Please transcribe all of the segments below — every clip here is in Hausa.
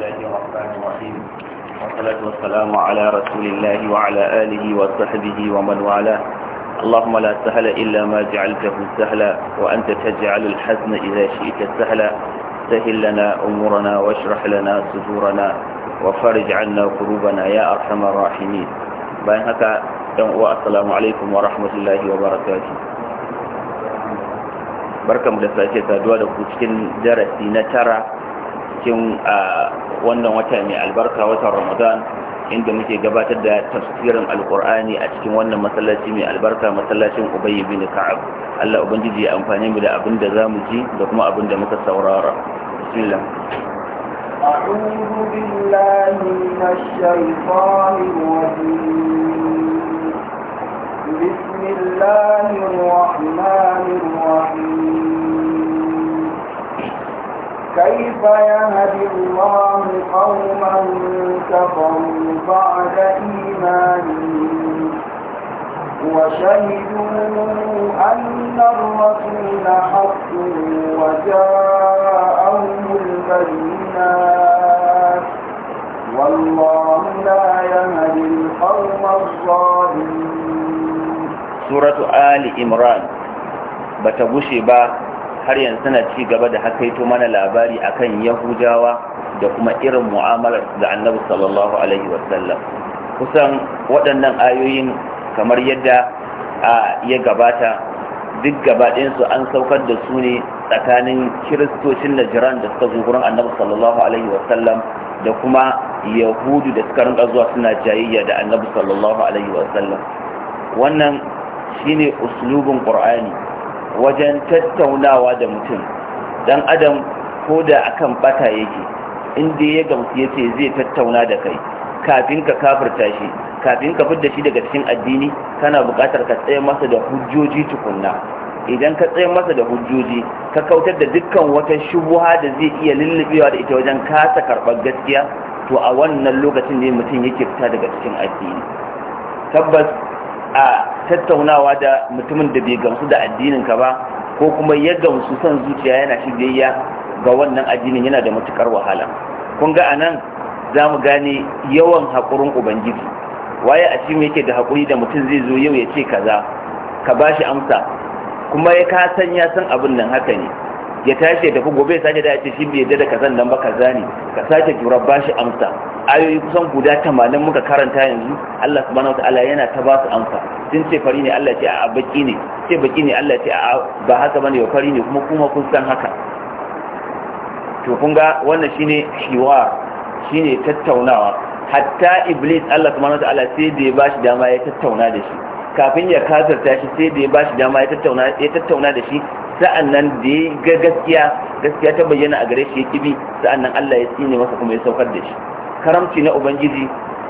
الله الرحمن الرحيم والصلاة والسلام على رسول الله وعلى آله وصحبه ومن والاه اللهم لا سهل إلا ما جعلته سهلا وأنت تجعل الحزن إذا شئت سهلا سهل لنا أمورنا واشرح لنا صدورنا وفرج عنا كروبنا يا أرحم الراحمين بين هكا السلام عليكم ورحمة الله وبركاته بركة da تدوى لكم جرسي نترى cikin wannan wata mai albarka watan ramadan inda muke gabatar da tafsirin alkur'ani a cikin wannan masallaci mai albarka masallacin ubayy bin ka'ab Allah ubangiji ya amfane mu da abin da zamu ji da kuma abin da muka saurara bismillah أعوذ بالله من الشيطان الرجيم بسم الله الرحمن الرحيم كيف يهدي الله قوما كفروا بعد إيمانهم وشهدوا أن الرسول حق وجاءهم البينات والله لا يهدي القوم الظالمين سورة آل إمران بتبوشي با har yanzu suna ci gaba da hakaito mana labari akan yahudawa da kuma irin mu'amalar da annabi sallallahu alaihi wasallam kusan waɗannan ayoyin kamar yadda ya gabata duk gabaɗinsu an saukar da su ne tsakanin kiristocin najiran da suka zo gurin annabi sallallahu alaihi wasallam da kuma yahudu da suka rinka zuwa suna jayayya da annabi sallallahu alaihi wasallam wannan shine uslubin qur'ani wajen tattaunawa da mutum dan adam ko da akan bata yake inda ya gamsu ya ce zai tattauna da kai kafin ka kafirta shi kafin ka fidda shi daga cikin addini kana buƙatar ka tsaye masa da hujjoji tukunna idan ka tsaye masa da hujjoji ka kautar da dukkan wata shubuha da zai iya lullubewa da ita wajen kasa karɓar gaskiya to a wannan lokacin ne mutum yake fita daga cikin addini tabbas a tattaunawa da mutumin da bai gamsu da addinin ka ba ko kuma ya gamsu son zuciya yana shigayya ga wannan addinin yana da matukar wahala kun ga anan za mu gane yawan haƙurin ubangiji waye a cikin yake da haƙuri da mutum zai zo yau ya ce kaza ka bashi amsa kuma ya ka san ya san abin nan haka ne ya tashi ya tafi gobe ya sake da ce shi bai yadda da kazan nan ba kaza ne ka sake jura ba shi amsa ayoyi kusan guda tamanin muka karanta yanzu Allah subhanahu wataala yana ta ba su amsa sun ce fari ne Allah ce a baki ne ce baki ne Allah ce a ba haka bane ba fari ne kuma kuma kun san haka to kun ga wannan shine shiwa shine tattaunawa hatta iblis Allah subhanahu wataala sai da ya bashi dama ya tattauna da shi kafin ya kasarta shi sai da ya bashi dama ya tattauna da shi sa'an nan da ya ga gaskiya gaskiya ta bayyana a gare shi ya kibi sa'an nan Allah ya tsine masa kuma ya saukar da shi karamci na ubangiji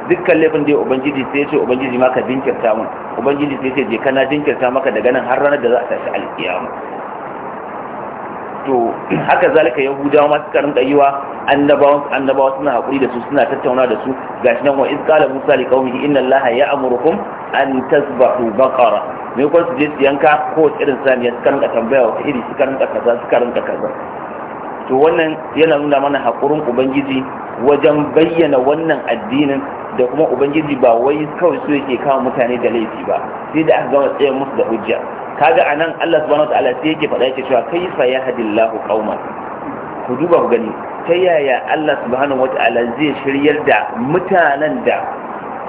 dukkan laifin da ya ubangiji sai ce ubangiji ma ka jinkirta mun ubangiji sai ce je kana jinkirta maka daga nan har ranar da za a tashi alkiyama to haka zalika yahudawa masu karin rinka annabawa suna hakuri da su suna tattauna da su gashi nan wa iz qala musa li qaumihi inna allaha ya'murukum an tasbahu baqara me ko su je su yanka ko irin saniya suka rinka tambaya wa iri suka rinka kaza suka rinka kaza to wannan yana nuna mana hakurin ubangiji wajen bayyana wannan addinin da kuma ubangiji ba wai kawai su yake kawo mutane da laifi ba sai da aka gama tsayin musu da hujja kaga anan Allah subhanahu wataala sai yake faɗa yake cewa kaifa yahdillahu qauman ku duba ku gani ta yaya Allah subhanahu wataala zai shiryar da mutanen da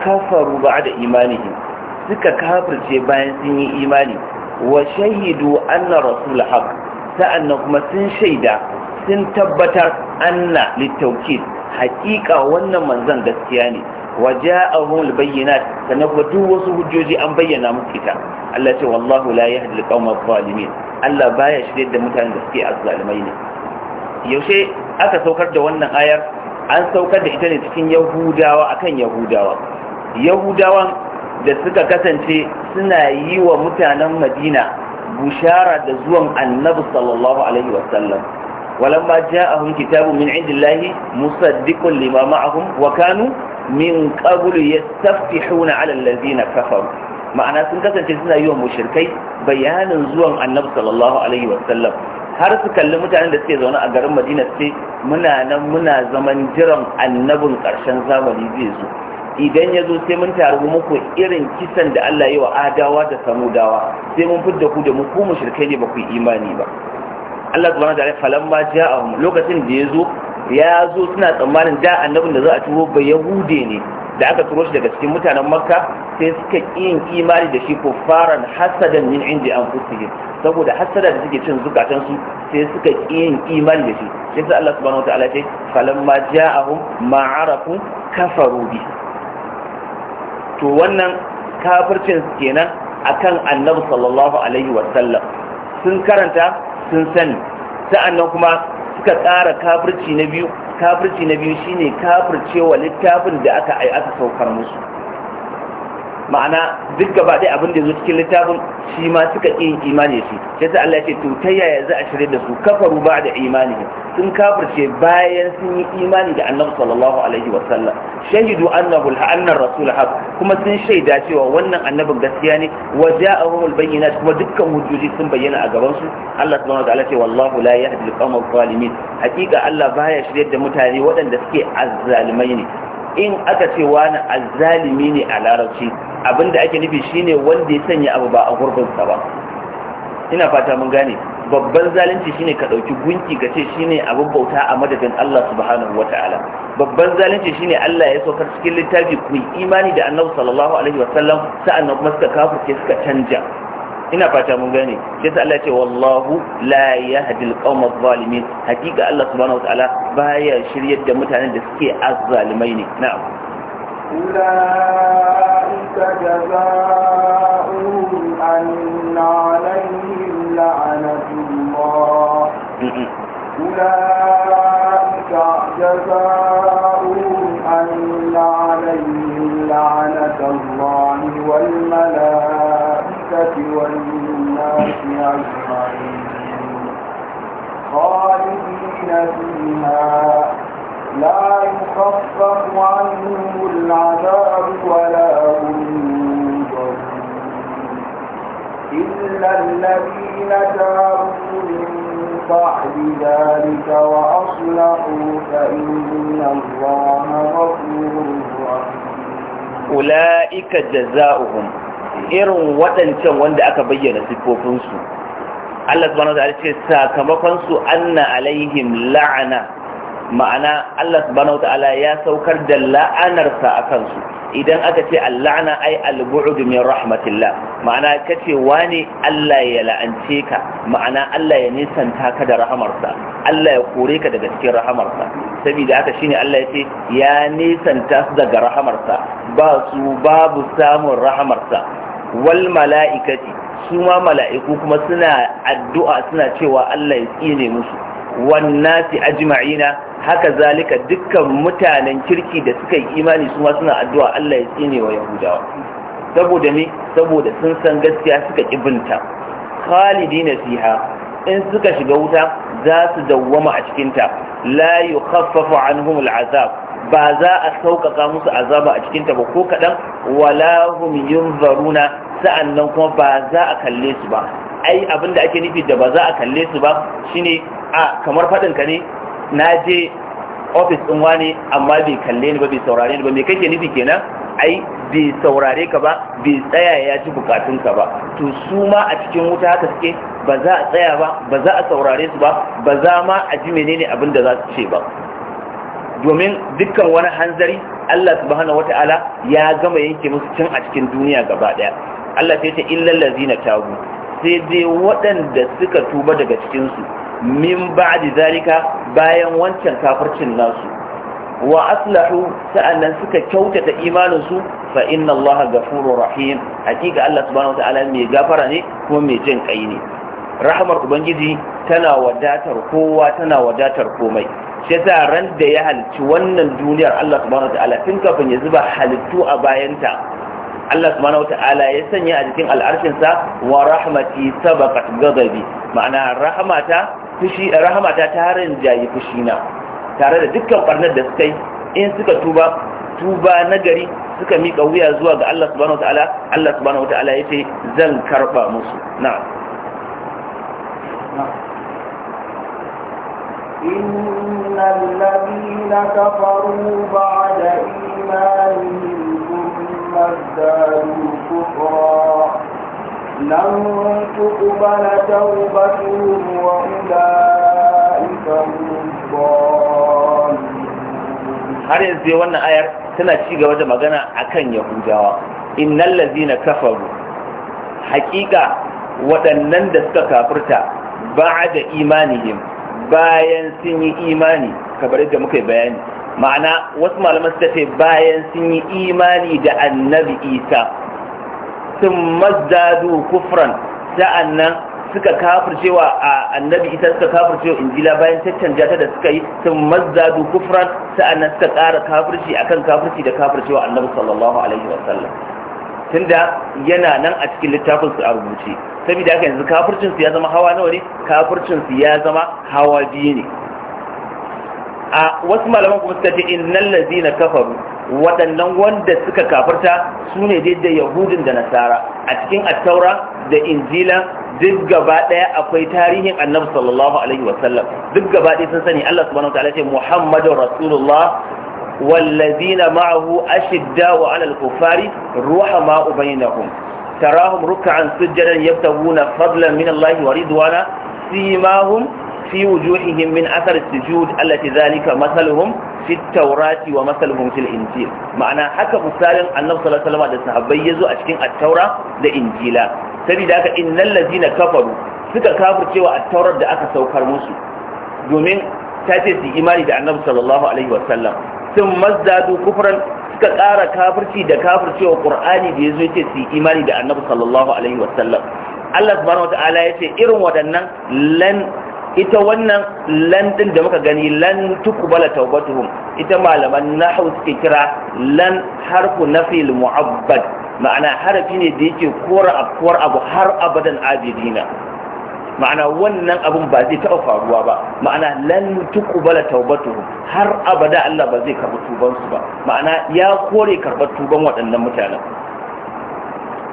kafaru ba'da imanihim suka kafirce bayan sun yi imani wa shahidu anna rasul haq sa'annan kuma sun shaida sun tabbatar anna litawkid haƙiƙa wannan manzon gaskiya ne wa ja'ahum al-bayyinat sannan duk wasu hujjoji an bayyana musu ita Allah ce wallahu la yahdi al-qawma adh-dhalimin Allah baya shirye da mutanen da suke azzalimai ne yaushe aka saukar da wannan ayar an saukar da ita ne cikin yahudawa akan yahudawa yahudawan da suka kasance suna yi wa mutanen madina bushara da zuwan annabi sallallahu alaihi wasallam walamma ja'ahum kitabun min indillahi musaddiqun lima ma'ahum wa kanu min qablu yastaftihuna 'ala allazina kafaru ma'ana sun kasance suna yi wa mushrikai bayanin zuwan annabi sallallahu har su kalli mutanen da suke zaune a garin madina sai muna zaman jiran annabin karshen zamani zai zo idan ya zo sai mun taru muku irin kisan da Allah ya wa adawa da samudawa sai mun fidda ku da mu ku ne baku ku imani ba Allah subhanahu wataala falamma ja'ahum lokacin da ya zo ya zo suna tsammanin da annabin da za a turo ba yahude ne da aka turo shi daga cikin mutanen makka sai suka yin imani da shi kufaran hasadan min indi an saboda hasada da suke cin zukatan su sai suka yin imani da shi sai sai Allah subhanahu wataala ce falamma ja'ahum ma arafu kafaru bi to wannan kafircin kenan akan annabi sallallahu alaihi wasallam sun karanta sun sani sa'annan kuma suka tsara kafirci na biyu kafirci na biyu shine kafircewa littafin da aka ai aka saukar musu ma'ana duk gaba ɗaya abin da zo cikin littafin shi ma suka ƙi imani shi sai sa Allah ce to ta yaya za a shirya da su kafaru ba da imani sun kafirce bayan sun yi imani da annabi sallallahu alaihi wa sallam shahidu annahu annar rasul haq kuma sun shaida cewa wannan annabin gaskiya ne wa al bayyinat kuma dukkan hujjoji sun bayyana a gaban su Allah subhanahu wa ta'ala ce wallahu la yahdi al al zalimin hakika Allah baya shirye da mutane waɗanda suke azzalimai ne in aka ce wani azalimi ne a larabci abinda ake nufi shine wanda ya sanya abu ba a gurbinsa ba ina fata mun gane babban zalunci shine ka dauki gunki ka ce shine abin bauta a madadin Allah subhanahu wataala babban zalunci shine Allah ya saukar cikin littafi ku imani da Annabi sallallahu alaihi wasallam sa'annan kuma suka kafirce suka canja ina fata mun gane sai Allah ce wallahu la yahdi al-qawma adh-dhalimin hakika Allah subhanahu wa ta'ala baya shiryar da mutanen da suke azzalimai ne na'am ulaika jazaa'uhum anna 'alayhim la'anatullah ulaika jazaa'uhum anna 'alayhim la'anatullah والملائكة والناس أجمعين خالدين فيها لا يخفف عنهم العذاب ولا هم إلا الذين تابوا من بعد ذلك وأصلحوا فإن الله غفور رحيم ula'ika jaza'uhum irin waɗancan wanda aka bayyana siffofinsu Allah subhanahu wa ta'ala ce sakamakon su anna alaihim la'ana ma'ana Allah subhanahu wa ta'ala ya saukar da la'anarsa a kansu idan aka ce al-la'ana ai al-bu'd min rahmatillah ma'ana kace wani Allah ya la'ance ka ma'ana Allah ya nisanta ka da rahamarsa Allah ya kore ka daga cikin rahamarsa saboda haka shine Allah ya ce ya nesanta su daga rahamarsa ba su babu samun rahamarsa wal mala'ikati su ma mala'iku kuma suna addu'a suna cewa Allah ya tsine musu nasi ajma'ina haka zalika dukkan mutanen kirki da suka yi imani su ma suna addu'a Allah ya tsine wa yahudawa saboda me saboda sun san gaskiya suka kibinta khalidina fiha in suka shiga wuta za su dawwama a cikinta la yukhaffafu anhum al'azab ba za a sauƙaƙa musu azaba a cikinta ba ko kaɗan wala hum yunzaruna sa'annan kuma ba za a kalle su ba ai abinda ake nufi da ba za a kalle su ba shine a kamar faɗin ka ne na je ofis ɗin wani amma bai kalle ni ba bai saurare ni ba me kake nufi kenan ai bai saurare ka ba bai tsaya ya ci ka ba to su ma a cikin wuta haka suke ba za a tsaya ba ba za a saurare su ba ba za ma a ji menene abin da za su ce ba domin dukkan wani hanzari Allah subhanahu wata'ala ya gama yanke musu cin a cikin duniya gaba daya Allah sai ta illal ladzina tabu sai dai waɗanda suka tuba daga cikin su min ba'di zalika bayan wancan kafircin nasu wa aslahu sa'annan suka kyautata imaninsu fa inna Allaha ghafurur rahim hakika Allah subhanahu wataala mai gafara ne kuma mai jin kai ne rahmar ubangiji tana wadatar kowa tana wadatar komai shi yasa ran da ya halicci wannan duniyar Allah subhanahu wataala tun kafin ya zuba halittu a bayanta Allah subhanahu wataala ya sanya a cikin al'arshin sa wa rahmati sabaqat ghadabi ma'ana rahmata fushi rahmata ta harin jayi fushina tare da dukkan barnar da suka yi in suka tuba tuba nagari suka miƙa wuya zuwa ga Allah subhanahu wataala Allah subhanahu wataala ya ce zan karɓa musu na إن الذين كفروا بعد إيمانهم ثم ازدادوا كفرا لن تقبل توبتهم وأولئك هم har yanzu wannan ayar tana ci gaba da magana a akan yahudawa innal lazina kafaru haqiqa waɗannan da suka kafirta ba'da imanihim bayan sun yi imani kamar yadda muka yi bayani ma'ana wasu malaman suka ce bayan sun yi imani da annabi isa sun mazdadu kufran sa'annan suka kafircewa a annabi ita suka kafircewa injila bayan caccanja ta da suka yi sun mazzadu kufran sa'annan suka ƙara kafirci akan kafirci da kafircewa annabi sallallahu alaihi wasallam tunda yana nan a cikin littafin su a rubuce saboda haka yanzu kafircin su ya zama hawa nawa ne kafircin su ya zama hawa biyu ne a wasu malaman kuma suka ce innal ladina kafaru waɗannan wanda suka kafarta su ne da yahudin da nasara a cikin attaura da injila duk gaba ɗaya akwai tarihin annabi sallallahu alaihi wasallam duk gaba ɗaya sun sani allah subhanahu ta'ala ce muhammadun rasulullah wallazina والذين معه أشداء على الكفار رحماء بينهم تراهم ركعا سجدا يبتغون فضلا من wa ridwana سيماهم fi wujuhihim min athar sujud allati zalika masaluhum fi tawrati wa masaluhum fil injil ma'ana haka misalin annabi sallallahu alaihi wasallam da sahabbai yazo a cikin at-taura da injila saboda haka innal ladina kafaru suka kafircewa at-taurar da aka saukar musu domin ta ce su imani da annabi sallallahu alaihi wasallam sun mazdadu kufran suka ƙara kafirci da kafircewa qur'ani da yazo yace su imani da annabi sallallahu alaihi wasallam Allah subhanahu ya ce irin waɗannan lan ita wannan lan da muka gani lan tukubala taubatuhum ita malaman nahwu suke kira lan harfu nafil mu'abbad ma'ana harfi ne da yake kora afkuwar abu har abadan ajidina ma'ana wannan abun ba zai taɓa faruwa ba ma'ana lan tukubala taubatuhum har abada Allah ba zai karɓi tuban su ba ma'ana ya kore karɓar tuban waɗannan mutanen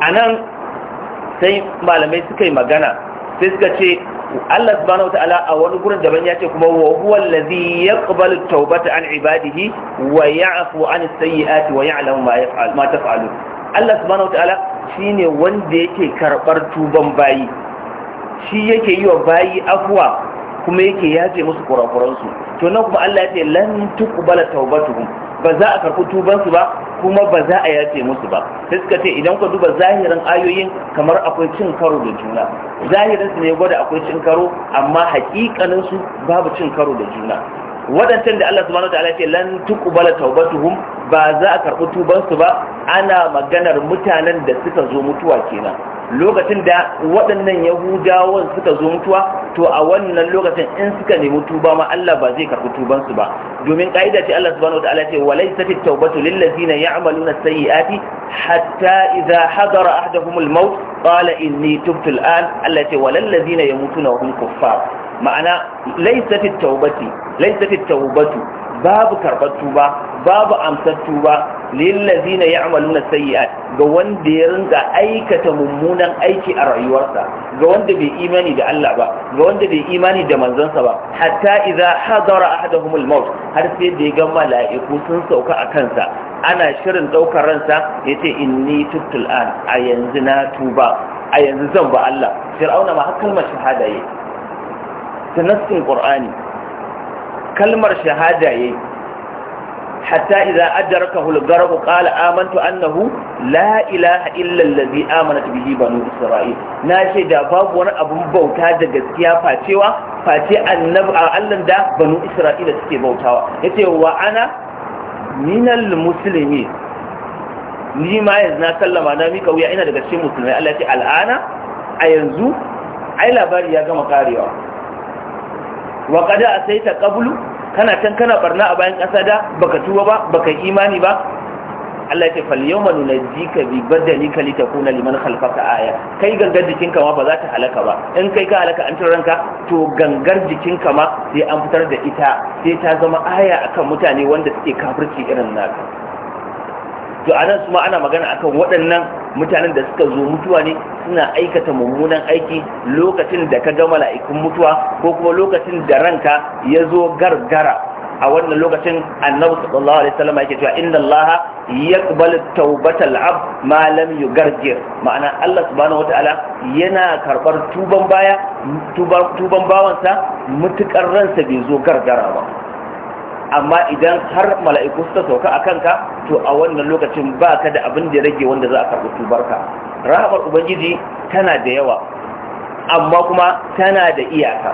anan sai malamai suka yi magana sai suka ce Allah subhanahu wataala a wani gurin daban ya ce kuma wa huwa allazi yaqbalu tawbata an ibadihi wa ya'fu an sayyi'ati wa ya'lamu ma yaf'al ma taf'alun Allah subhanahu wataala shine wanda yake karbar tuban bayi shi yake yi wa bayi afwa kuma yake yaje musu kurakuransu to nan kuma Allah ya ce lan tuqbala tawbatuhum ba za a karɓi tubansu ba kuma ba za a yace musu ba sai suka ce idan ka duba zahirin ayoyin kamar akwai cin karo da juna zahirin su ne gwada akwai cin karo amma hakikanin su babu cin karo da juna wadancan da Allah subhanahu wataala ce lan tuqbala tawbatuhum ba za a karɓi tubansu ba ana maganar mutanen da suka zo mutuwa kenan lokacin da waɗannan yahudawan suka zo mutuwa to a wannan lokacin in suka nemi tuba ma Allah ba zai karɓi tuban su ba domin ka'ida ce Allah subhanahu wataala ce walaysa fit tawbatu lil ladzina ya'maluna sayyi'ati hatta idza hadara ahaduhum al maut qala inni tubtu al an Allah ce walal ladzina yamutuna wa hum kuffar ma'ana laysa fit tawbati laysa fit tawbatu babu karɓar tuba babu amsar tuba lillazina ya'maluna sayyi'at ga wanda ya rinka aikata mummunan aiki a rayuwarsa ga wanda bai imani da Allah ba ga wanda bai imani da manzansa ba hatta idza hadara ahaduhumul maut har sai da ya ga mala'iku sun sauka a kansa ana shirin daukar ransa yace inni tutul an a yanzu na tuba a yanzu zan ba Allah fir'auna ma har kalmar shahada yayi ta qur'ani kalmar shahada yayi hatta idza adrakahu al-gharq qala amantu annahu la ilaha illa allazi amanat bihi banu isra'il na ce da babu wani abun bauta da gaskiya facewa face annabi Allah da banu isra'ila suke bautawa yace wa ana minal muslimin ni ma yanzu na sallama na mika wuya ina daga cikin musulmai Allah ya ce al'ana a yanzu ai labari ya gama karewa wa qad asaita qablu kana can kana barna a bayan ƙasa da baka tuba ba baka imani ba Allah ya ce fal yawma nunajjika bi badalika takuna liman khalfaka aya kai gangar jikinka ma ba za ta halaka ba in kai ka halaka an tura ranka to gangar jikinka ma sai an fitar da ita sai ta zama aya akan mutane wanda suke kafirci irin naka to a nan kuma ana magana akan waɗannan mutanen da suka zo mutuwa ne suna aikata mummunan aiki lokacin da ka ga mala'ikun mutuwa ko kuma lokacin da ranka ya zo gargara a wannan lokacin annabi sallallahu alaihi wasallam yake cewa inna allaha yaqbalu tawbatal abd ma lam yugargir ma'ana Allah subhanahu wataala yana karbar tuban baya tuban bawansa mutukar ransa bai zo gargara ba amma idan har mala'iku suka sauka a kanka to a wannan lokacin ba ka da abin da rage wanda za a karɓi tubarka rahamar ubangiji tana da yawa amma kuma tana da iyaka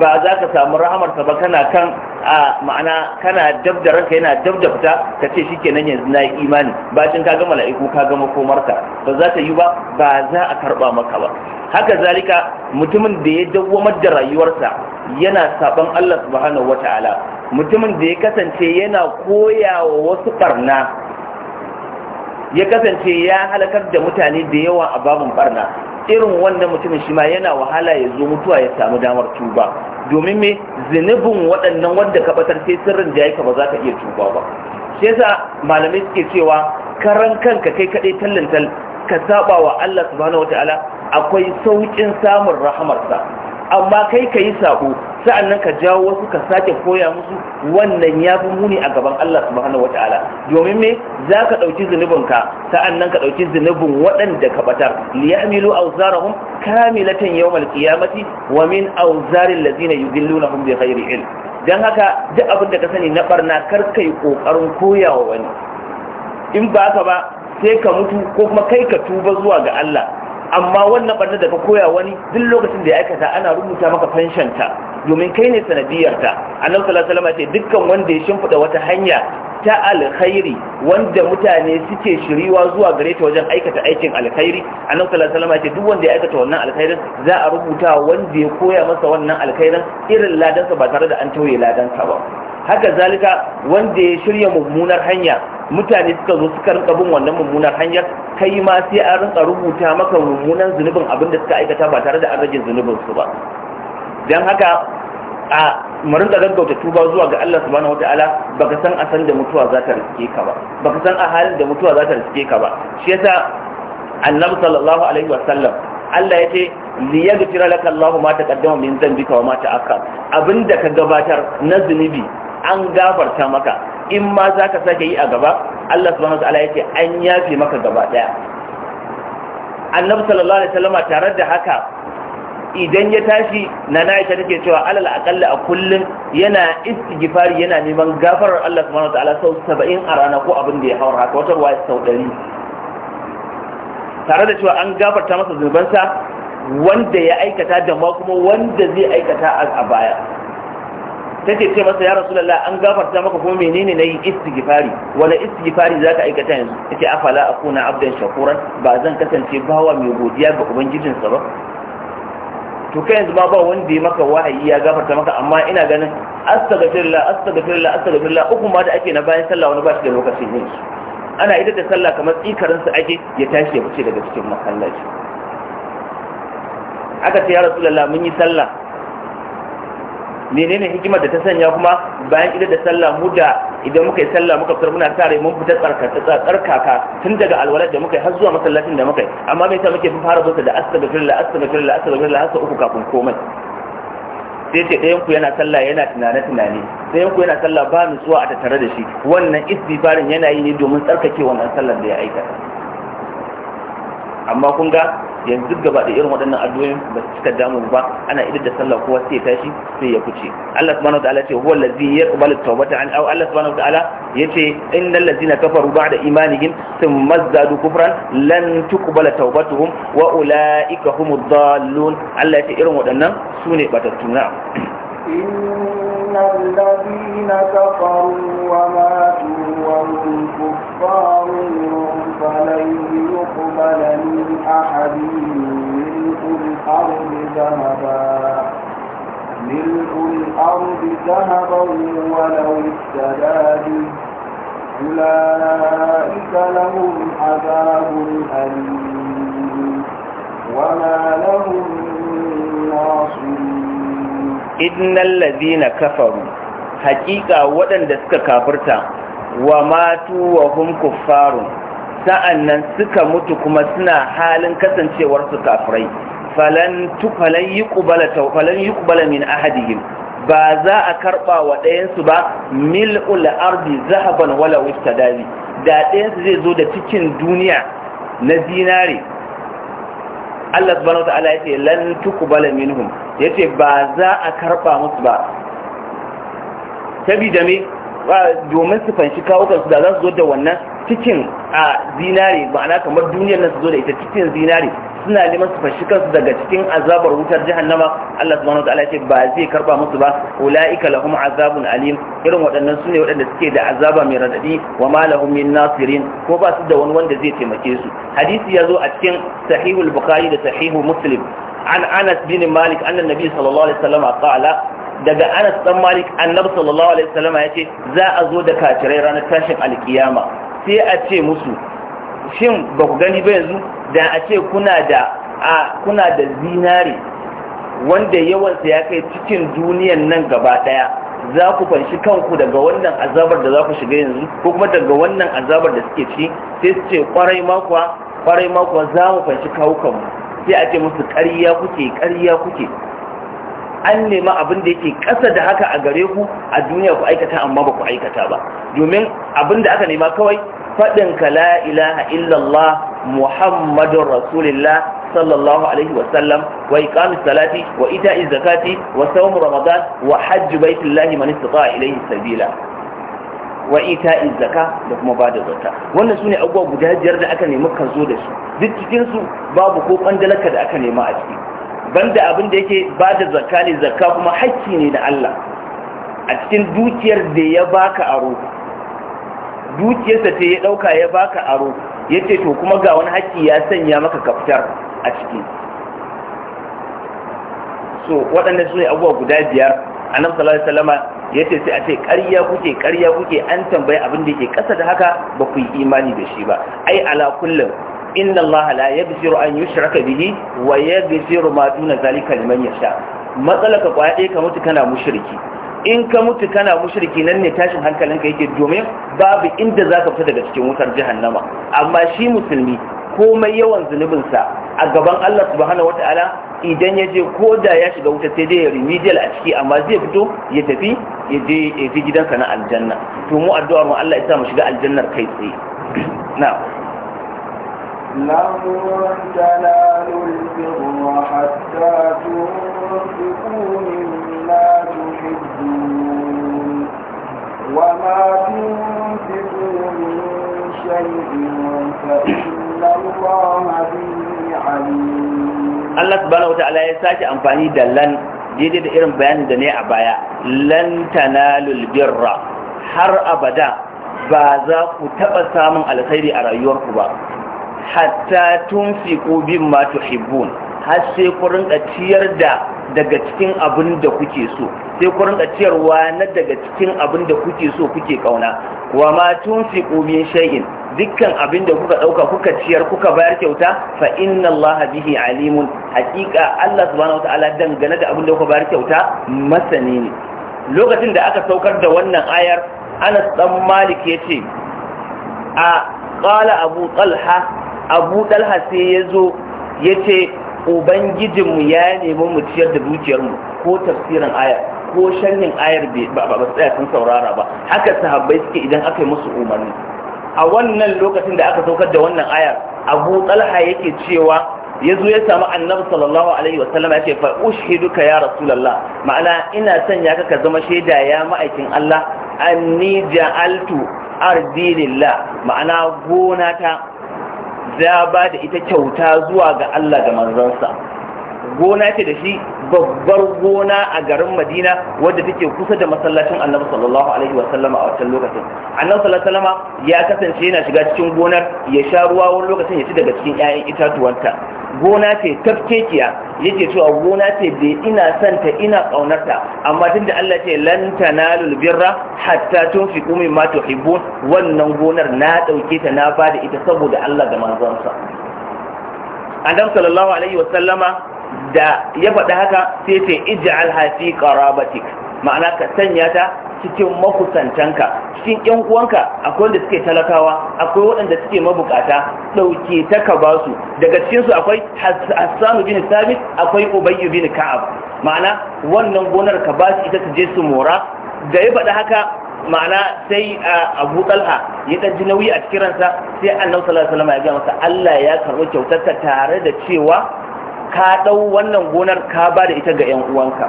ba za ka samu rahamarsa ba kana kan a ma'ana kana dab da yana dab fita ka ce shi shikenan yanzu na yi imani bacin ka ga mala'iku ka ga makomarka ba za ta yi ba ba za a karɓa maka ba haka zalika mutumin da ya dawwamar da rayuwarsa yana saban Allah subhanahu wata'ala mutumin da ya kasance yana koya wa wasu barna ya kasance ya halakar da mutane da yawa a babin barna irin wannan mutumin shi ma yana wahala ya zo mutuwa ya samu damar tuba domin me zunubin waɗannan wanda ka batar sai sirrin da ka ba za ka iya tuba ba shi yasa malamai suke cewa karan kanka kai kaɗai tallantal ka saba wa Allah subhanahu wataala akwai saukin samun rahamarsa amma kai ka yi sabo sa'annan ka jawo wasu ka sake koya musu wannan ya fi muni a gaban Allah subhanahu wata'ala domin me za ka ɗauki ka sa'annan ka ɗauki zunubin waɗanda ka ɓatar liyamilu auzarahum kamilatan yawmal qiyamati wa min auzaril ladzina yudillunahum bi ghairi ilm dan haka duk abin da ka sani na barna kar kai kokarin koyawa wani in ba ka ba sai ka mutu ko kuma kai ka tuba zuwa ga Allah amma wannan barna da ka koya wani duk lokacin da ya aikata ana rubuta maka fanshanta domin kai ne sanadiyarta annabi sallallahu alaihi wasallam ce dukkan wanda ya shimfida wata hanya ta alkhairi wanda mutane suke shiriwa zuwa gare ta wajen aikata aikin alkhairi annabi sallallahu alaihi wasallam ce duk wanda ya aikata wannan alkhairin za a rubuta wanda ya koya masa wannan alkhairin irin ladansa ba tare da an tauye ladansa ba haka zalika wanda ya shirya mummunar hanya mutane suka zo suka rinka bin wannan mummunar hanyar kai ma sai an rinka rubuta maka mummunan zunubin abin da suka aikata ba tare da an rage zunubin su ba don haka a marin da gaggauta tuba zuwa ga Allah subhanahu wataala baka san a san da mutuwa za ta rike ka ba baka san a halin da mutuwa za ta rike ka ba shi yasa annabi sallallahu alaihi wasallam Allah ya li yaghfira laka Allahu ma taqaddama min dhanbika wa ma ta'akhkhar abinda ka gabatar na zunubi an gafarta maka in ma za ka sake yi a gaba Allah subhanahu wa ta'ala yake an yafe maka gaba daya annabi sallallahu alaihi wasallam tare da haka idan ya tashi na Aisha take cewa alal aqalla a kullun yana istighfar yana neman gafarar Allah subhanahu wa ta'ala sau 70 a rana ko abin da ya haura haka wata ruwaya sau 100 tare da cewa an gafarta masa zunubansa wanda ya aikata da ma kuma wanda zai aikata a baya Ta ce masa ya rasulullah an gafarta maka kuma menene nayi istighfari wala istighfari ka aikata yanzu ce afala a kuna abdan shakuran ba zan kasance bawa mai godiya ga ubangijinsa ba to kai yanzu ba ba wanda ya maka wahayi ya gafarta maka amma ina ganin astaghfirullah astaghfirullah astaghfirullah uku ma da ake na bayan sallah wani ba shi da lokaci. ne ana idar da sallah kamar tsikarin sa ake ya tashi ya fice daga cikin masallaci aka ce ya rasulullah mun yi sallah menene hikimar da ta sanya kuma bayan idan da sallah mu da idan muka yi sallah muka fitar muna sa re mun fita tsarkaka tun daga alwalar da muka yi har zuwa masallacin da muka yi amma me yasa muke fara zuwa da astaghfirullah astaghfirullah astaghfirullah har uku kafin komai sai ce ɗayan ku yana sallah yana tunane tunane ɗayan ku yana sallah ba nutsuwa a tattare da shi wannan istifarin yana yi ne domin tsarkake wannan sallar da ya aikata amma kun ga yanzu gaba da irin waɗannan addu'o'in ba su cika damu ba ana idar da sallah kowa sai ya tashi sai ya kuce Allah subhanahu wataala ce huwa allazi yaqbalu tawbata an aw Allah subhanahu wataala yace innal ladzina kafaru ba'da imanihim thumma zadu kufran lan tuqbala tawbatuhum wa ulaika humud dallun Allah ya ce irin waɗannan sune batattuna إن الذين كفروا وماتوا وهم كفار ولن يقبل من أحد ملء الأرض ذهبا ملء الأرض ذهبا ولو افتدى به أولئك لهم عذاب أليم وما لهم من ناصرين إن الذين كفروا حقيقة ودن دسك wa matu wa hum kuffarun sa'annan suka mutu kuma suna halin kasancewar su kafirai falan yi yuqbala min ahadihim ba za a karba wa ɗayansu ba mil'ul ardi zahaban wala wistadali da ɗayansu zai zo da cikin duniya na zinare Allah subhanahu wataala yace lan tuqbala minhum yace ba za a karba musu ba sabida me domin shi fanshi kawukansu da za su zo da wannan cikin a zinare ma'ana kamar duniyar nan su zo da ita cikin zinare suna neman su fashi kansu daga cikin azabar wutar jahannama Allah subhanahu wataala ya ce ba zai karba musu ba ulaika lahum azabun alim irin waɗannan su ne waɗanda suke da azaba mai radadi wa ma lahum min nasirin ko ba su da wani wanda zai taimake su hadisi ya zo a cikin sahihul bukhari da sahihu muslim an anas bin malik anna nabi sallallahu alaihi wasallam qala daga Anas dan Malik Annabi sallallahu alaihi wasallam ya ce za a zo da kafirai ranar tashin alkiyama sai a ce musu shin ba ku gani ba yanzu da a ce kuna da a kuna da zinari wanda yawansa ya kai cikin duniyan nan gaba daya za ku fanshi kanku daga wannan azabar da za ku shiga yanzu ko kuma daga wannan azabar da suke ci sai su ce kwarai makuwa kwarai za mu fanshi kawukanmu sai a ce musu ƙarya kuke ƙarya kuke an nema abin da yake ƙasa da haka a gare ku a duniya ku aikata amma ba ku aikata ba domin abin da aka nema kawai faɗin ka la ilaha illallah muhammadun rasulillah sallallahu alaihi wasallam wa iqamis salati wa ita'iz zakati wa sawm ramadan wa hajj baitillahi man istata'a ilayhi sabila wa ita'iz zaka da kuma bada zakka wannan sune abubuwa guda biyar da aka nemi ka da su duk cikin su babu ko kandalaka da aka nema a ciki banda abin da yake ba da zakka ne zakka kuma hakki ne da Allah a cikin dukiyar da ya baka aro dukiyarsa ta ya dauka ya baka aro yace to kuma ga wani hakki ya sanya maka kaftar a ciki so waɗannan su ne abubuwa guda biyar annabi sallallahu alaihi wasallama yace sai a ce ƙarya kuke ƙarya kuke an tambaye abin da yake ƙasa da haka ba ku yi imani da shi ba ai ala kullum inna allaha la yaghfiru an yushraka bihi wa yaghfiru ma duna zalika liman yasha matsala ka kwaye ka mutu kana mushriki in ka mutu kana mushriki nan ne tashin ka yake domin babu inda zaka fita daga cikin wutar jahannama amma shi musulmi komai yawan sa a gaban Allah subhanahu wataala idan ya je ko da ya shiga wuta sai dai ya remedial a ciki amma zai fito ya tafi ya je ya fi gidansa na aljanna to mu addu'a mu Allah ya sa mu shiga aljannar kai tsaye na'am Allah subhanahu wata'ala ya sake amfani da lan daidai da irin bayanin da ne a baya lan tanalul birra har abada ba za ku taba samun alkhairi a rayuwarku ba hatta tunfiqu bimma tuhibbun har sai ku rinka ciyar da daga cikin abin da kuke so sai ku rinka ciyarwa na daga cikin abin da kuke so kuke kauna wa ma tun fi min shay'in dukkan abin da kuka dauka kuka ciyar kuka bayar kyauta fa inna allaha bihi alimun hakika Allah subhanahu wataala dangane da abin da kuka bayar kyauta masani ne lokacin da aka saukar da wannan ayar Anas dan Malik ya ce a qala Abu Talha abu dalha sai ya zo ya ce ubangijinmu ya nemi mu ciyar da dukiyarmu ko tafsirin ayar ko shanyin ayar ba ba tsaya sun saurara ba haka sahabbai suke idan aka yi musu umarni a wannan lokacin da aka saukar da wannan ayar abu Ɗalha yake cewa ya zo ya samu annabi sallallahu alaihi wasallam ya ce fa ushiduka ya rasulullah ma'ana ina sanya ka ka zama shaida ya ma'aikin Allah anni ja'altu ardi lillah ma'ana gona ta ya ba da ita kyauta zuwa ga Allah da manzansa gona ce da shi babbar gona a garin madina wadda take kusa da masallacin annabi sallallahu alaihi wa sallama a wancan lokacin annabi sallallahu alaihi wa sallama ya kasance yana shiga cikin gonar ya sha ruwa wani lokacin ya ci daga cikin 'ya'yan itatuwanta gona ce tafkekiya yake cewa gona ce da ina santa ina kaunarta amma tunda Allah ce lan tanalul birra hatta tunfiqu mimma tuhibbun wannan gonar na dauke ta na bada ita saboda Allah da sa. annabi sallallahu alaihi wa sallama da ya faɗi haka sai ce ij'al hafi karabatik ma'ana ka sanya ta cikin makusantanka cikin yan uwanka akwai wanda suke talakawa akwai waɗanda suke mabukata Ɗauke ta ka ba su daga cikin su akwai Hassan bin Thabit akwai Ubay bin Ka'ab ma'ana wannan gonar ka ba su ita su je su mora da ya faɗi haka ma'ana sai Abu Talha ya ɗan ji nauyi a cikin ransa sai Annabi sallallahu alaihi wasallam ya ga masa Allah ya karɓi kyautar tare da cewa ka ɗau wannan gonar ka ba da ita ga ‘yan uwanka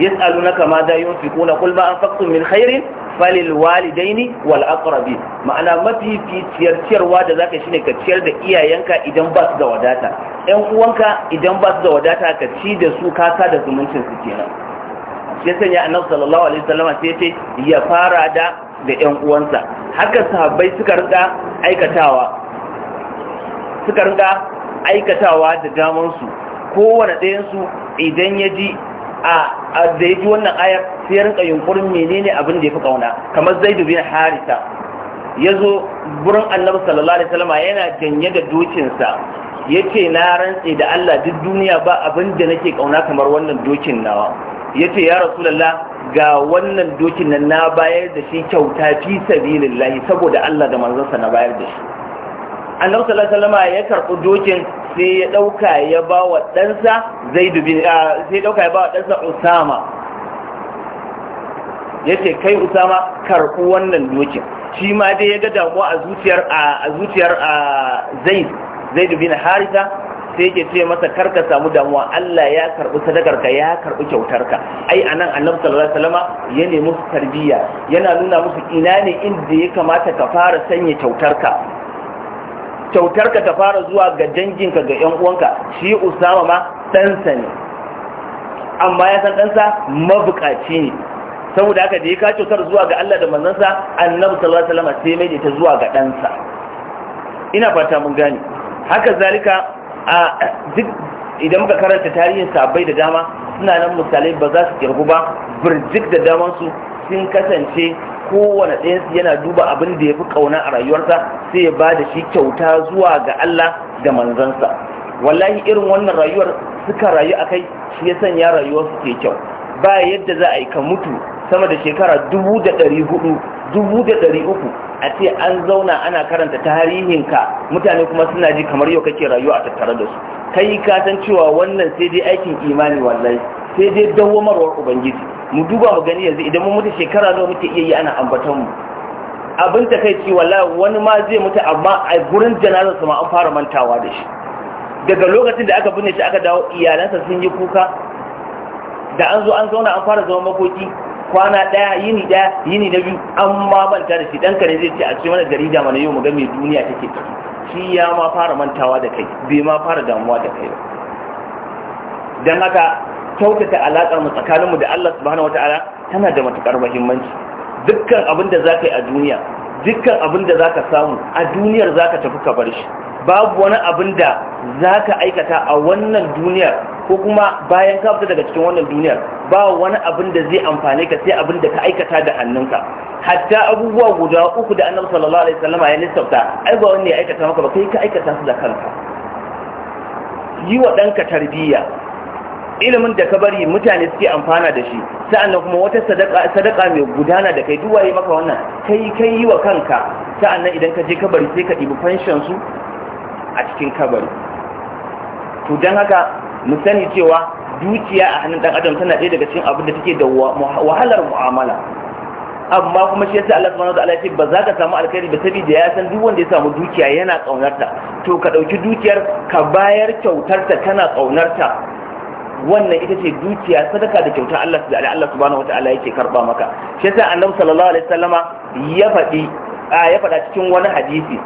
yas'alunaka ma za kuna kulma ma anfaqtum min khairin falil walidaini wal aqrabin ma'ana mafi fitiyar ciyarwa da zaka shine ka ciyar da iyayenka idan ba su da wadata ƴan uwanka idan ba su da wadata ka ci da su ka ka da zumuncin su kenan ya sanya annabi sallallahu alaihi wasallam sai ce ya fara da da ƴan uwansa haka sahabbai suka rinka aikatawa suka rinka aikatawa da damansu kowane ɗayansu idan ya ji a da ya ji wannan ayar sai ya rinka yunkurin menene abin da ya fi kauna kamar dubi na harisa ya zo burin annabi sallallahu alaihi wasallam yana janye da dokinsa ya ce na rantse da Allah duk duniya ba abin da nake kauna kamar wannan dokin nawa ya ce ya rasulallah ga wannan dokin nan na bayar da shi kyauta fi sabilillahi saboda Allah da manzansa na bayar da shi annabi sallallahu alaihi wasallam ya karɓi dokin sai ya ɗauka ya ba wa ɗansa zaidu bin sai ya ɗauka ya ba wa ɗansa usama ya ce kai usama karɓi wannan dokin shi ma dai ya ga damuwa a zuciyar a zuciyar zaid zaidu bin harisa sai yake ce masa karka samu damuwa Allah ya karbi sadakarka ya karbi kyautarka ai anan annabi sallallahu alaihi wasallama ya nemi tarbiyya yana nuna musu ina ne inda ya kamata ka fara sanya kyautarka kyautar ka ta fara zuwa ga danginka ga yan uwanka shi usama ma ɗansa ne amma ya san ɗansa mabukaci ne saboda haka da ya ka kyautar zuwa ga Allah da manzansa annabi sallallahu alaihi wasallam sai mai ta zuwa ga ɗansa ina fata mun gane haka zalika a duk idan muka karanta tarihin sabai da dama suna nan misalai ba za su kirgu ba birjik da damansu sun kasance kowane ɗayansu yana duba abin da ya fi ƙauna a rayuwarsa sai ya ba da shi kyauta zuwa ga Allah da manzansa wallahi irin wannan rayuwar suka rayu a kai shi ya sanya rayuwarsu ke kyau ba yadda za a yi ka mutu sama da shekara dubu da ɗari hudu dubu da ɗari uku a ce an zauna ana karanta tarihinka mutane kuma suna ji kamar yau kake rayuwa a tattare da su kai ka san cewa wannan sai dai aikin imani wallahi sai dai dawwamarwar ubangiji mu duba mu gani yanzu idan mun mutu shekara nawa muke iya yi ana ambaton mu abin ta kai ce wallahi wani ma zai mutu amma a gurin janazar sa ma an fara mantawa da shi daga lokacin da aka binne shi aka dawo iyalansa sun yi kuka da an zo an zauna an fara zama makoki kwana daya yini daya yini na biyu an ma manta da shi dan kare zai ce a ce mana jarida mana yau mu ga me duniya take shi ya ma fara mantawa da kai bai ma fara damuwa da kai ba dan haka kyautata alaƙar mu tsakaninmu da Allah subhanahu wataala tana da matuƙar muhimmanci dukkan abin da ka yi a duniya dukkan abin da ka samu a duniyar za ka tafi ka bar shi babu wani abin da ka aikata a wannan duniyar ko kuma bayan ka fita daga cikin wannan duniyar ba wani abin da zai amfane ka sai abin da ka aikata da hannunka hatta abubuwa guda uku da annabi sallallahu alaihi wasallama ya lissafta ai ba wanda ya aikata maka ba kai ka aikata su da kanka yi wa ɗanka tarbiyya ilimin da ka bari mutane suke amfana da shi sa'annan kuma wata sadaka mai gudana da kai duwaye maka wannan kai kai yi wa kanka sa'annan idan ka je kabari sai ka ɗibi fanshon su a cikin kabari to don haka mu sani cewa dukiya a hannun dan adam tana ɗaya daga cikin abin da take da wahalar mu'amala amma kuma shi yasa Allah subhanahu wataala ce ba za ka samu alkhairi ba saboda ya san duk wanda ya samu dukiya yana kaunarta to ka ɗauki dukiyar ka bayar kyautarta kana kaunarta wannan ita ce dukiya sadaka da kyauta Allah da Allah subhanahu wataala yake karba maka shi yasa annabi sallallahu alaihi wasallama ya faɗi a ya faɗa cikin wani hadisi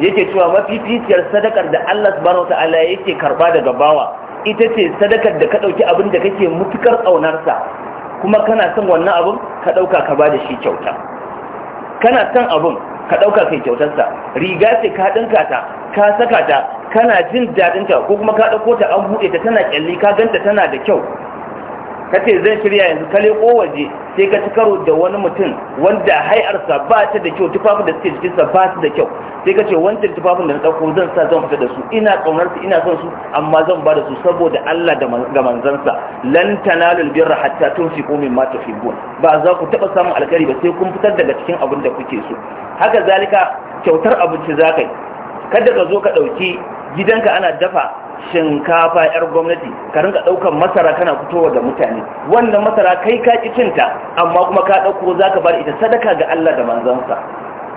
yake cewa mafificiyar sadakar da Allah subhanahu wataala yake karba daga bawa ita ce sadakar da ka ɗauki abin da kake mutukar tsaunarsa. kuma kana son wannan abin ka ɗauka ka ba da shi kyauta kana son abin ka ɗauka kai kyautarsa riga ce ka ɗinka ta ka saka ta kana jin daɗinta ko kuma ka ɗauko ta an buɗe ta tana ƙyalli ka ganta tana da kyau ce zan shirya yanzu kale ko waje sai ka ci karo da wani mutum wanda hai'arsa ba ta da kyau tufafin da suke jikinsa ba su da kyau sai ka ce wancan tufafin da na ɗauko zan sa zan fita da su ina ƙaunar su ina son su amma zan ba da su saboda Allah da manzansa lan tanalul birra hatta tunfiqu mimma tuhibbun ba za ku taɓa samun alkhairi ba sai kun fitar daga cikin abin da kuke so haka zalika kyautar abinci yi. kada ka zo ka ɗauki gidanka ana dafa shinkafa yar gwamnati ka rinka ɗaukar masara kana fitowa da mutane wannan masara kai ka ƙi cinta amma kuma ka dauko zaka bar ita sadaka ga Allah da manzansa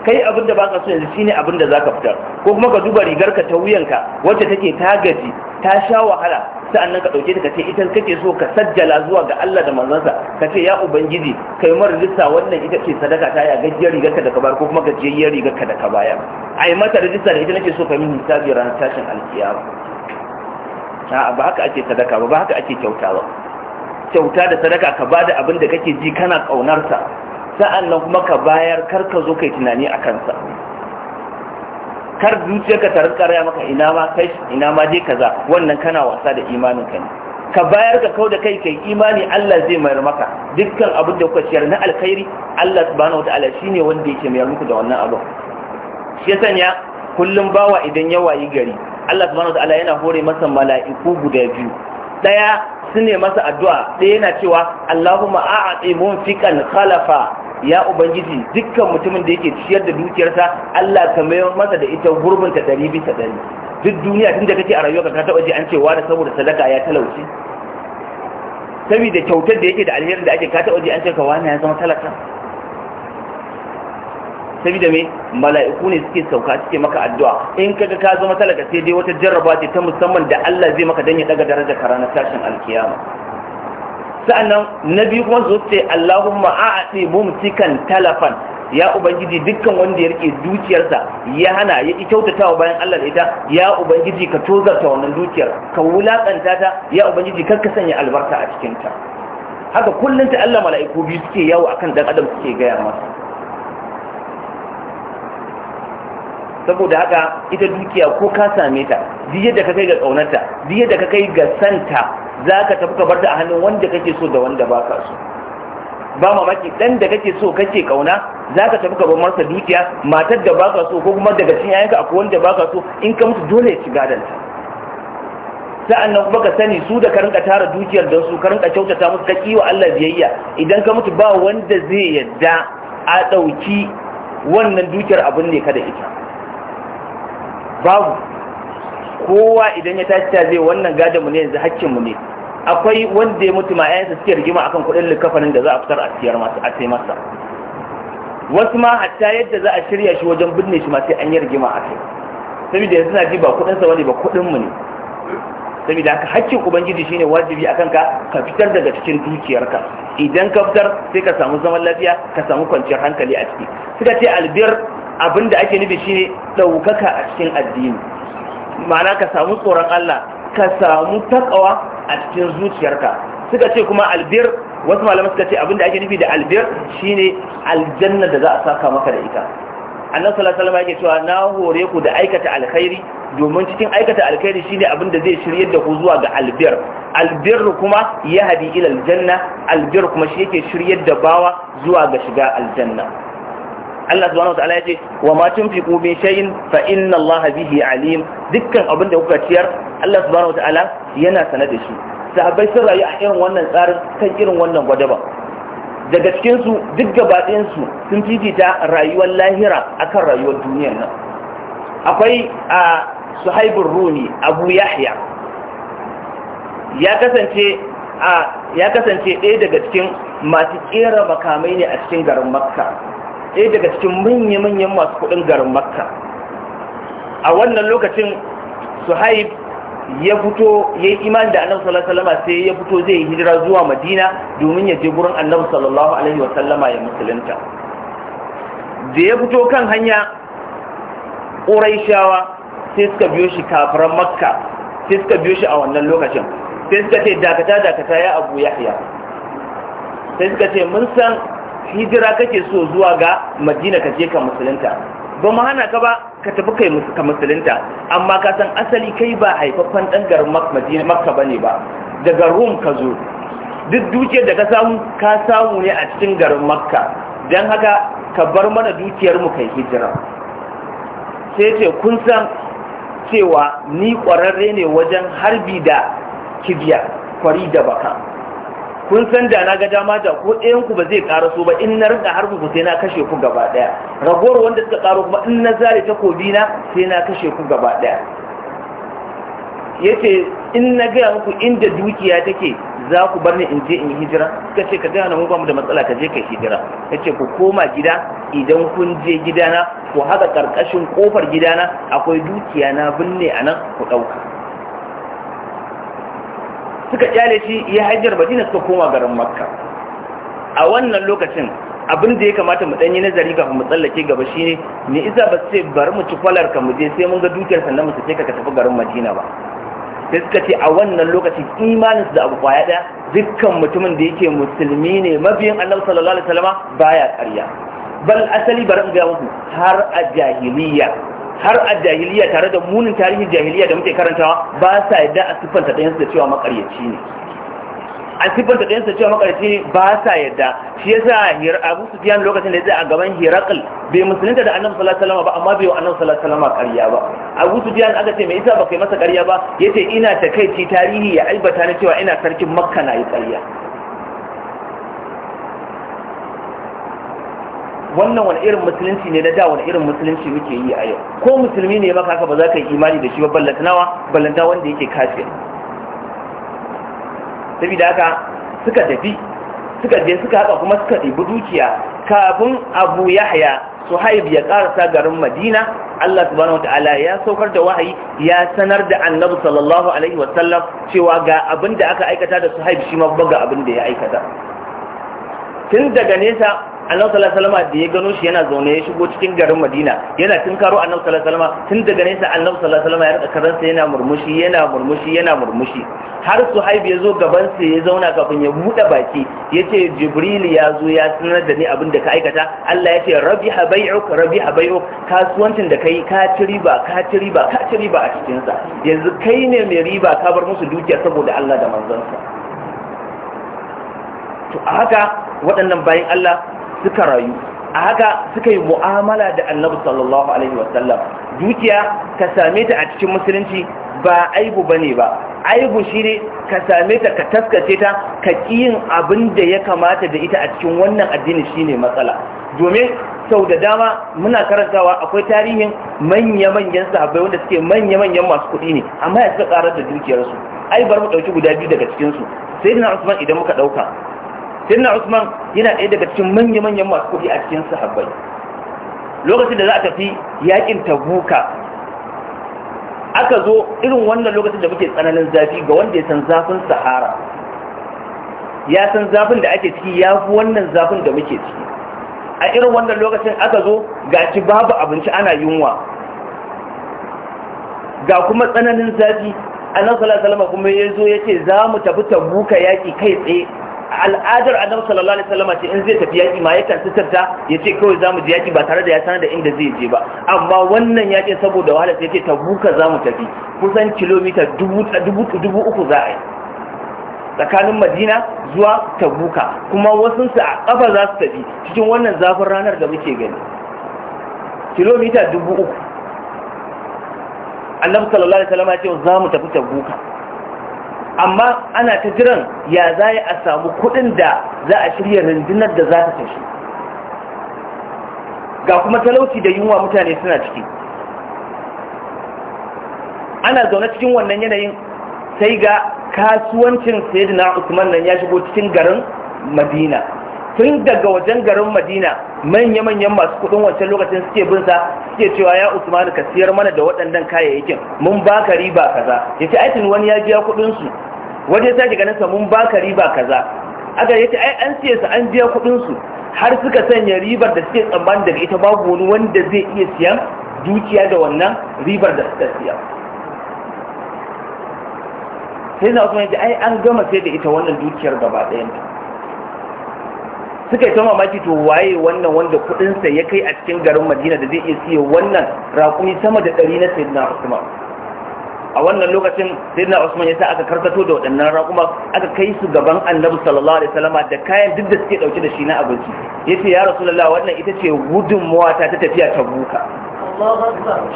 kai abinda baka so yanzu shine abinda da zaka fitar ko kuma ka duba rigarka ta wuyan ka wacce take ta gaji ta sha wahala sa'annan ka dauke ta kace ita kake so ka sajjala zuwa ga Allah da manzansa kace ya ubangiji kai mar rijista wannan ita ce sadaka ta ya gajiyar rigarka da ka bayar ko kuma gajiyayyar rigarka da ka baya ai mata rijista da ita nake so ka min hisabi ran tashin alkiyama ba haka ake sadaka ba ba haka ake kyauta ba kyauta da sadaka ka bada abin da kake ji kana kaunarsa sa'annan kuma ka bayar kar ka zo kai tunani a kansa kar zuciya ta tarin karaya maka ina ma kai ina ma je kaza wannan kana wasa da imanin ka ne ka bayar ka kau da kai kai imani Allah zai mayar maka dukkan abin da kuka ciyar na alkhairi Allah subhanahu wataala shine wanda yake mayar muku da wannan abu shi ya sanya kullum bawa idan ya wayi gari Allah subhanahu ta'ala yana hore masa mala'iku guda biyu daya sune masa addu'a ɗaya yana cewa Allahumma a'ati munfiqan khalafa ya ubangiji dukkan mutumin da yake ciyar da dukiyarsa Allah ka mayar masa da ita gurbin ɗari bisa ɗari duk duniya tun kake a rayuwa ka taɓa ji an cewa da saboda sadaka ya talauci saboda kyautar da yake da alherin da ake ka taɓa ji an ce ka wani ya zama talaka saboda me mala'iku ne suke sauka suke maka addu'a in kaga ka zama talaka sai dai wata jarraba ce ta musamman da Allah zai maka dan ya daga daraja ka ranar tashin alkiyama na biyu kuma zo ce Allahumma a'ati mumsikan talafan ya ubangiji dukkan wanda ya rike dukiyarsa ya hana ya wa bayan Allah da ita ya ubangiji ka tozarta wannan dukiyar ka wulakanta ta ya ubangiji kar ka sanya albarka a cikin ta haka kullun ta Allah mala'iku biyu suke yawo akan dan adam suke gaya masa saboda haka ita dukiya ko ka same ta duk yadda ka kai ga kaunarta duk yadda ka kai ga santa za ka tafi ka barta a hannun wanda kake so da wanda baka so ba mamaki dan da kake so kake kauna ka tafi ka bar dukiya matar da baka so ko kuma daga cikin yayanka akwai wanda baka so in ka mutu dole ya ci gadan sa'annan kuma ka sani su da ka rinka tara dukiyar don su ka rinka kyautata musu ka kiwa Allah biyayya idan ka mutu ba wanda zai yadda a ɗauki wannan dukiyar abin ne ka da ita babu kowa idan ya tashi ta zai wannan gadon mu ne yanzu hakkin mu ne akwai wanda ya mutu ma yayansa suke rigima akan kuɗin likafanin da za a fitar a siyar masa a sai masa wasu ma hatta yadda za a shirya shi wajen binne shi ma sai an yi rigima a kai saboda yanzu na ji ba kudin sa bane ba kudin mu ne saboda haka hakkin ubangiji shine wajibi akan ka ka fitar daga cikin dukiyarka idan ka fitar sai ka samu zaman lafiya ka samu kwanciyar hankali a ciki suka ce albir abinda ake nufi shi ne ɗaukaka a cikin addini ma'ana ka samu tsoron Allah ka samu takawa a cikin zuciyarka suka ce kuma albir wasu malamai suka ce abinda ake nufi da albir shine aljanna da za a saka maka da ita annabi sallallahu alaihi wasallam yake cewa na hore ku da aikata alkhairi domin cikin aikata alkhairi shine abin da zai shiryar da ku zuwa ga albir albir kuma yahdi ila aljanna albir kuma shi yake shiryar da bawa zuwa ga shiga aljanna Allah subhanahu ya yace wa ma tunfiqu min shay'in fa inna Allah bihi alim dukkan abin da kuka ciyar Allah subhanahu ta'ala yana sanar da shi sahabbai sun rayu a irin wannan tsarin kan irin wannan gwadaba daga cikin su duk gaba su sun fifita rayuwar lahira akan rayuwar duniyar nan akwai a Suhaibur Rumi Abu Yahya ya kasance ya kasance ɗaya daga cikin masu ƙera makamai ne a cikin garin Makka ɗaya daga cikin manya-manyan masu kuɗin garin makka a wannan lokacin suhaib ya fito ya yi imani da annabi sallallahu alaihi wasallama sai ya fito zai yi hijira zuwa madina domin ya je gurin annabi sallallahu alaihi wasallama ya musulunta da ya fito kan hanya ƙuraishawa sai suka biyo shi kafiran makka sai suka biyo shi a wannan lokacin sai suka ce dakata dakata ya abu yahya sai suka ce mun san hijira kake so zuwa ga madina ka je ka musulunta ba mu hana ka ba ka tafi kai ka musulunta amma ka san asali kai ba haifaffen ɗan garin madina makka bane ba daga rum ka zo duk dukiyar da ka samu ka samu ne a cikin garin makka don haka ka bar mana dukiyar mu kai hijira sai ce kun san cewa ni ƙwararre ne wajen harbi da kibiya kwari da baka kun san da na ga dama da ko ɗayan ku ba zai ƙara so ba in na rinka har ku sai na kashe ku gaba ɗaya ragowar wanda suka ƙaro kuma in na zare takobi na sai na kashe ku gaba ɗaya yace in na gaya muku inda dukiya take za ku bar ni in je in yi hijira suka ce ka gaya na mu ba da matsala ka je ka hijira yace ku koma gida idan kun je gidana ku haka karkashin kofar gidana akwai dukiya na binne a nan ku ɗauka suka kyale shi ya hajjar madina suka koma garin makka a wannan lokacin abin da ya kamata mu danyi nazari ga mu tsallake gaba shi ne isa ba sai bar mu ci kwalar ka mu je sai mun ga dukiyar sannan mu sace ka ka tafi garin madina ba sai suka ce a wannan lokacin, imaninsu da abu kwaya daya dukkan mutumin da yake musulmi ne mabiyin annabi sallallahu alaihi wasallama baya ƙarya bal asali bar in ga har a jahiliya har a jahiliya tare da munin tarihin jahiliya da muke karantawa ba sa yadda a siffanta ɗayansu da cewa makaryaci ne a siffanta ɗayansu da cewa makaryaci ne ba sa yadda shi ya sa abu su fiyan lokacin da ya zai a gaban hirakul bai musulunta da annabi sallallahu alaihi ba amma bai wa annabi sallallahu alaihi wasallam ƙarya ba abu su fiyan aka ce mai isa ba kai masa ƙarya ba yace ina ta kai ci tarihi ya albata na cewa ina sarkin makka na yi ƙarya wannan wani irin musulunci ne na da wani irin musulunci muke yi a yau ko musulmi ne maka haka ba za ka yi imani da shi ba ballantanawa ballanta wanda yake kafir saboda haka suka tafi suka je suka haka kuma suka ɗibi dukiya kafin abu yahya suhaib ya karasa garin madina allah subhanahu wataala ya saukar da wahayi ya sanar da annabi sallallahu alaihi wasallam cewa ga abinda aka aikata da suhaib shi ma ga abinda ya aikata tun daga nesa annabi sallallahu alaihi wasallam da ya gano shi yana zaune ya shigo cikin garin Madina yana tunkaro annabi sallallahu alaihi wasallam tun daga nesa annabi sallallahu alaihi wasallam ya rika karansa yana murmushi yana murmushi yana murmushi har su haibi ya zo gaban sa ya zauna kafin ya buɗe baki yace Jibril ya zo ya sanar da ni abin da ka aikata Allah ya ce rabiha bai'uk rabiha bai'uk kasuwancin da kai ka ci riba ka ci riba ka ci riba a cikin sa yanzu kai ne mai riba ka bar musu dukiya saboda Allah da manzon sa to haka waɗannan bayan Allah suka rayu a haka suka yi mu'amala da annabi sallallahu alaihi wasallam dukiya ka same ta a cikin musulunci ba aibu bane ba aibu shine ka same ta ka taskace ta ka kiyin abin da ya kamata da ita a cikin wannan addini shine matsala domin sau da dama muna karantawa akwai tarihin manya-manyan sahabbai wanda suke manya-manyan masu kuɗi ne amma ya suka karar da dukiyarsu ai bar mu ɗauki guda biyu daga cikinsu sai na usman idan muka ɗauka sirna usman yana ɗaya daga cikin manya-manyan masu kuɗi a cikin sahabbai lokacin da za a tafi yakin tabuka aka zo irin wannan lokacin da muke tsananin zafi ga wanda ya san zafin sahara ya san zafin da ake ciki ya fi wannan zafin da muke ciki a irin wannan lokacin aka zo ga ci babu abinci ana yunwa ga kuma tsananin zafi a nan salasalama kuma ya zo ya ce za mu tafi tabuka yaƙi kai tsaye al'adar adam sallallahu alaihi wasallam ce in zai tafi yaki ma yakan tsitarta ya ce kawai zamu je yaki ba tare da ya sanar da inda zai je ba amma wannan yaki saboda wahala sai ce tabuka zamu tafi kusan kilomita dubu dubu uku za a yi tsakanin madina zuwa tabuka kuma wasu su a kafa za su tafi cikin wannan zafin ranar da muke gani kilomita dubu uku annabi sallallahu alaihi wasallam ya ce za mu tafi tabuka amma ana ta jiran ya za a samu kudin da za a shirya rundunar da za ta tashi ga kuma talauci da yunwa mutane suna ciki ana zaune cikin wannan yanayin sai ga kasuwancin sayyidina usman nan ya shigo cikin garin madina tun daga wajen garin madina manya-manyan masu kudin wancan lokacin suke bin sa suke cewa ya usmanu ka siyar mana da waɗannan kayayyakin mun baka riba kaza ya ce aitin wani ya biya kudin su waje ta ganin sa mun baka riba kaza aka yace ai an siye su an biya kudin su har suka sanya ribar da suke tsammani daga ita babu wani wanda zai iya siyan dukiya da wannan ribar da suka siya sai na usman ya ce ai an gama sai da ita wannan dukiyar gaba ta. suka yi ta mamaki to waye wannan wanda sa ya kai a cikin garin madina da zai iya siyo wannan raƙumi sama da ɗari na sayyidina usman a wannan lokacin sayyidina usman ya sa aka karkato da waɗannan raƙuma aka kai su gaban annabi sallallahu alaihi wasallam da kayan duk da suke ɗauke da shi na abinci Ya ce ya rasulullah wannan ita ce gudunmuwa ta ta tafiya ta buka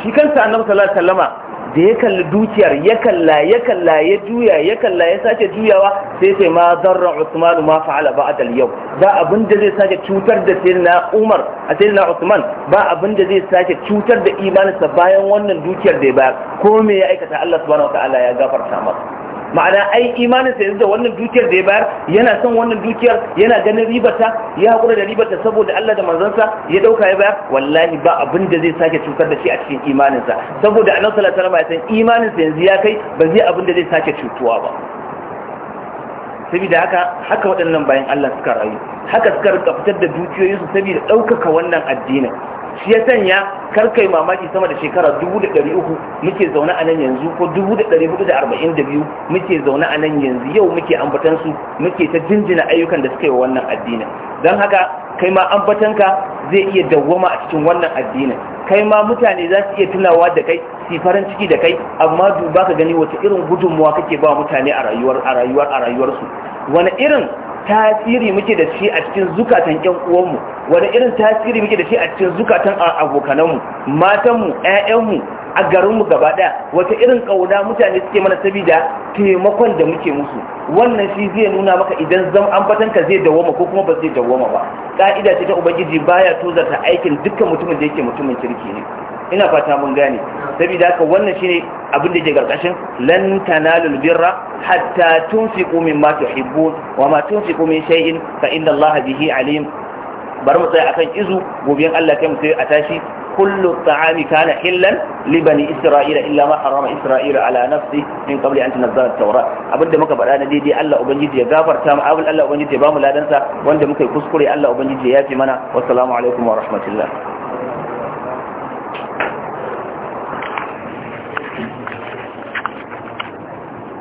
shi kansa annabi sallallahu alaihi wasallama da ya kalli dukiyar ya kalla ya kalla ya juya ya kalla ya sake juyawa sai sai ma zarra Uthman ma fa'ala ba'da al-yau ba abin da zai sake cutar da sayyidina Umar a sayyidina Usman ba abin da zai sake cutar da imaninsa bayan wannan dukiyar da ya bayar ko me ya aikata Allah subhanahu wa ta'ala ya gafarta masa ma'ana ai imanin sa yanzu da wannan dukiyar da ya bayar yana son wannan dukiyar yana ganin ribata ya hakura da ribata saboda Allah da manzansa ya ɗauka ya bayar wallahi ba abin da zai sake cutar da shi a cikin imanin sa saboda annabi sallallahu alaihi wasallam ya san imanin sa yanzu ya kai ba zai abin da zai sake cutuwa ba saboda haka haka waɗannan bayan Allah suka rayu haka suka rika fitar da su saboda ɗaukaka wannan addinin shi ya sanya karkai mamaki sama da shekara 300 muke zaune a nan yanzu ko 442 muke zaune a nan yanzu yau muke ambatan su muke ta jinjina ayyukan da suka yi wa wannan addinin don haka kai ma ambatanka zai iya dawwama a cikin wannan addinin kai ma mutane za su iya tunawa da kai su farin ciki da kai amma duba ka gani wace irin gudunmuwa kake ba mutane a rayuwar a a rayuwarsu wani irin tasiri muke da shi a cikin zukatan ƴan uwanmu wani irin tasiri muke da shi a cikin zukatan abokananmu matanmu ƴaƴanmu a garinmu gaba ɗaya wata irin ƙauna mutane suke mana sabida taimakon da muke musu wannan shi zai nuna maka idan an ambatanka zai dawoma ko kuma ba zai dawoma ba ka'ida ce ta ubangiji baya tozarta aikin dukkan mutumin da yake mutumin kirki ne ina fata mun gane saboda haka wannan shine abin da ke karkashin lan tanalul birra hatta tunfiqu mimma tuhibbun wa ma tunfiqu min shay'in fa inna Allah bihi alim bar mu tsaya akan izu gobiyan Allah kai mu sai a tashi kullu ta'ami kana hillan li bani isra'ila illa ma harama isra'ila ala nafsi min qabli an tunzala at-taurat abinda muka faɗa na daidai Allah ubangiji ya gafarta mu abul Allah ubangiji ya bamu ladansa wanda muka kuskure Allah ubangiji ya yafi mana wassalamu alaikum wa rahmatullah